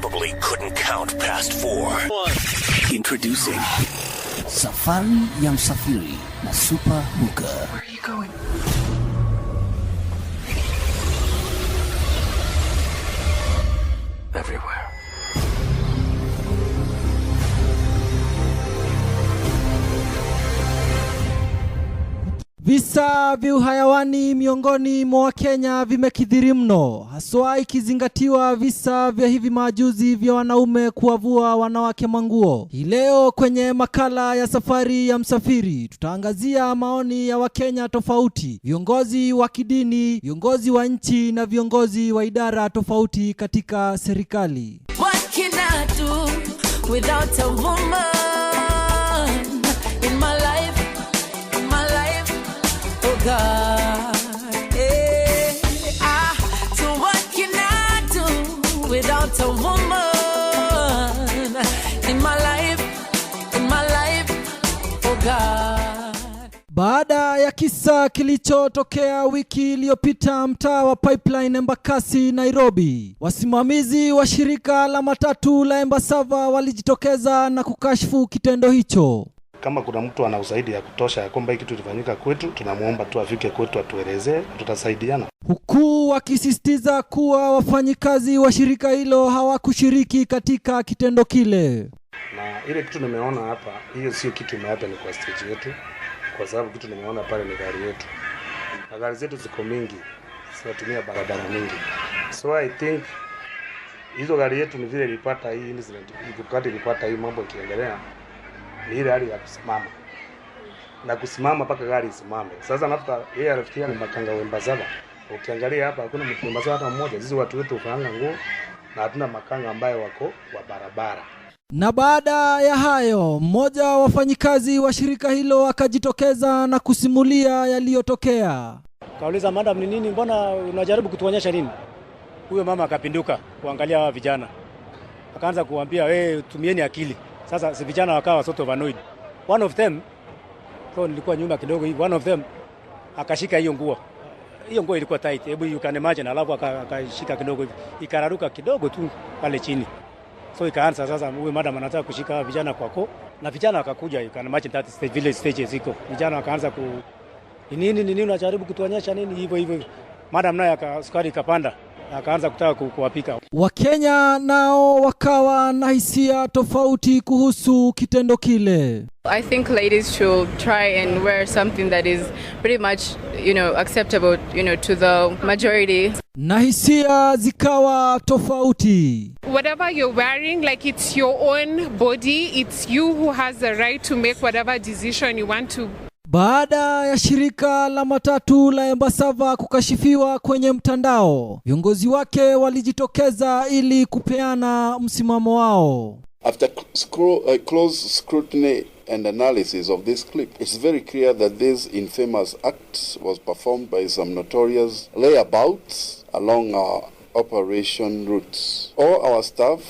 probably couldn't count past four. One. Introducing Safari Yamsafiri, Safiri Super Hooker. Where are you going? Everywhere. Visa vya uhayawani miongoni mwa Wakenya vimekithiri mno, haswa ikizingatiwa visa vya hivi majuzi vya wanaume kuwavua wanawake manguo. Hii leo kwenye makala ya Safari ya Msafiri tutaangazia maoni ya Wakenya tofauti, viongozi wa kidini, viongozi wa nchi na viongozi wa idara tofauti katika serikali. What can I do without a woman in my God. I, so what can I do without a woman Baada ya kisa kilichotokea wiki iliyopita mtaa wa Pipeline Embakasi Nairobi, wasimamizi wa shirika la matatu la Embasava walijitokeza na kukashfu kitendo hicho. Kama kuna mtu ana ushahidi ya kutosha ya kwamba hiki kitu kilifanyika kwetu, tunamwomba tu afike kwetu atuelezee, tutasaidiana. Huku wakisisitiza kuwa wafanyikazi wa shirika hilo hawakushiriki katika kitendo kile. Na ile kitu nimeona hapa, hiyo sio kitu ni kwa stage yetu, kwa sababu kitu nimeona pale ni gari yetu, na gari zetu ziko mingi, zinatumia barabara mingi, so I think hizo gari yetu ni vile ilipata hii incident, ilipata hii mambo ikiendelea ile hali ya kusimama na kusimama mpaka gari isimame. Sasa nafuta yeye anafikiria ni makanga wembazaba. Ukiangalia hapa hakuna mkimbazaba hata mmoja. Sisi watu wetu ufaanga nguo na hatuna makanga ambayo wako wa barabara. Na baada ya hayo, mmoja wa wafanyikazi wa shirika hilo akajitokeza na kusimulia yaliyotokea. Kauliza, madam, ni nini? Mbona unajaribu kutuonyesha nini? Huyo mama akapinduka kuangalia hawa vijana, akaanza kuambia, wewe eh, tumieni akili sasa si vijana wakawa sort of annoyed. One of them so nilikuwa nyuma kidogo hivi, one of them akashika hiyo nguo, hiyo nguo ilikuwa tight, hebu you can imagine, alafu akashika kidogo hivi, ikararuka kidogo tu pale chini, so ikaanza sasa, huyu madam anataka kushika vijana kwako, na vijana wakakuja, you can imagine that stage, village stage ziko vijana wakaanza ku nini nini, unajaribu kutuonyesha nini, hivyo hivyo, madam naye akasukari ikapanda akaanza kutaka kuwapika. Wakenya nao wakawa na hisia tofauti kuhusu kitendo kile. I think ladies should try and wear something that is pretty much, you know, acceptable, you know, to the majority. Na hisia zikawa tofauti. Whatever you're wearing, like it's your own body, it's you who has the right to make whatever decision you want to baada ya shirika la matatu la Embasava kukashifiwa kwenye mtandao, viongozi wake walijitokeza ili kupeana msimamo wao. After scroll, uh, close scrutiny and analysis of this clip, it's very clear that this infamous act was performed by some notorious layabouts along our operation routes. All our staff,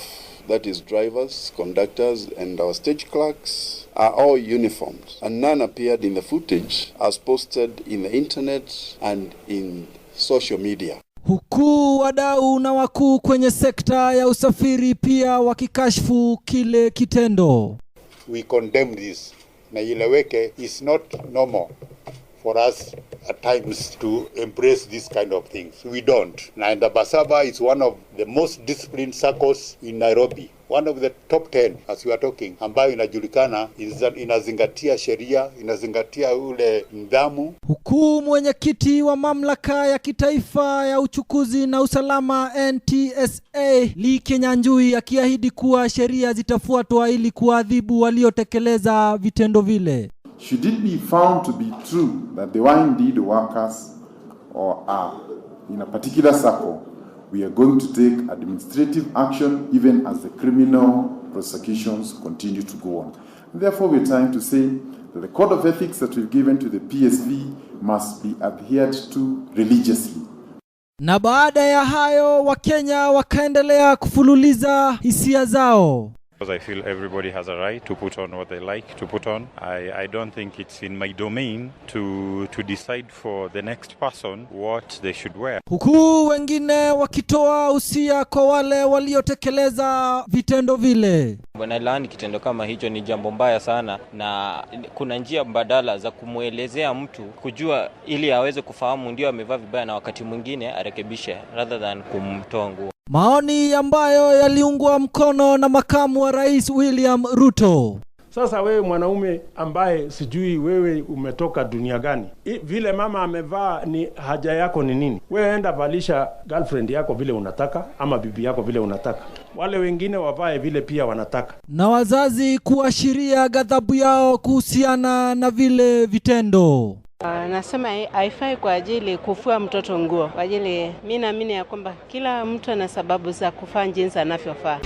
that is drivers, conductors and our stage clerks are all uniformed and none appeared in the footage as posted in the internet and in social media. Huku wadau na wakuu kwenye sekta ya usafiri pia wakikashfu kile kitendo. We condemn this na ileweke is not normal for us at times to embrace this kind of things. We don't. Na Ndabasaba is one of the most disciplined circles in Nairobi one of the top 10 as we are talking, ambayo inajulikana inazingatia sheria, inazingatia ule nidhamu. Huku mwenyekiti wa mamlaka ya kitaifa ya uchukuzi na usalama NTSA Lee Kinyanjui akiahidi kuwa sheria zitafuatwa ili kuadhibu waliotekeleza vitendo vile. Should it be found to be true that they were indeed workers or are in a particular circle we are going to take administrative action even as the criminal prosecutions continue to go on. Therefore, are trying to say that the code of ethics that we've given to the PSV must be adhered to religiously. Na baada ya hayo Wakenya wakaendelea kufululiza hisia zao because I feel everybody has a right to put on what they like to put on. I, I don't think it's in my domain to, to decide for the next person what they should wear. Huku wengine wakitoa usia kwa wale waliotekeleza vitendo vile. Wanalaani kitendo kama hicho, ni jambo mbaya sana, na kuna njia mbadala za kumwelezea mtu kujua, ili aweze kufahamu ndio amevaa vibaya, na wakati mwingine arekebishe rather than kumtoa nguo. Maoni ambayo yaliungwa mkono na makamu wa rais William Ruto. Sasa wewe mwanaume ambaye sijui wewe umetoka dunia gani, I, vile mama amevaa ni haja yako ni nini? Wewe enda valisha girlfriend yako vile unataka, ama bibi yako vile unataka, wale wengine wavae vile pia wanataka. Na wazazi kuashiria ghadhabu yao kuhusiana na vile vitendo. Ah, nasema haifai kwa ajili kufua mtoto nguo, kwa ajili mi naamini ya kwamba kila mtu ana sababu za kufanya jinsi anavyofaa.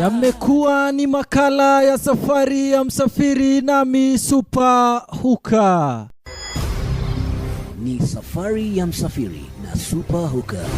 yamekuwa ni makala ya safari ya msafiri, nami Supa Huka. Ni safari ya msafiri na Supa Huka.